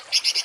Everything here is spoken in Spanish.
¡Gracias!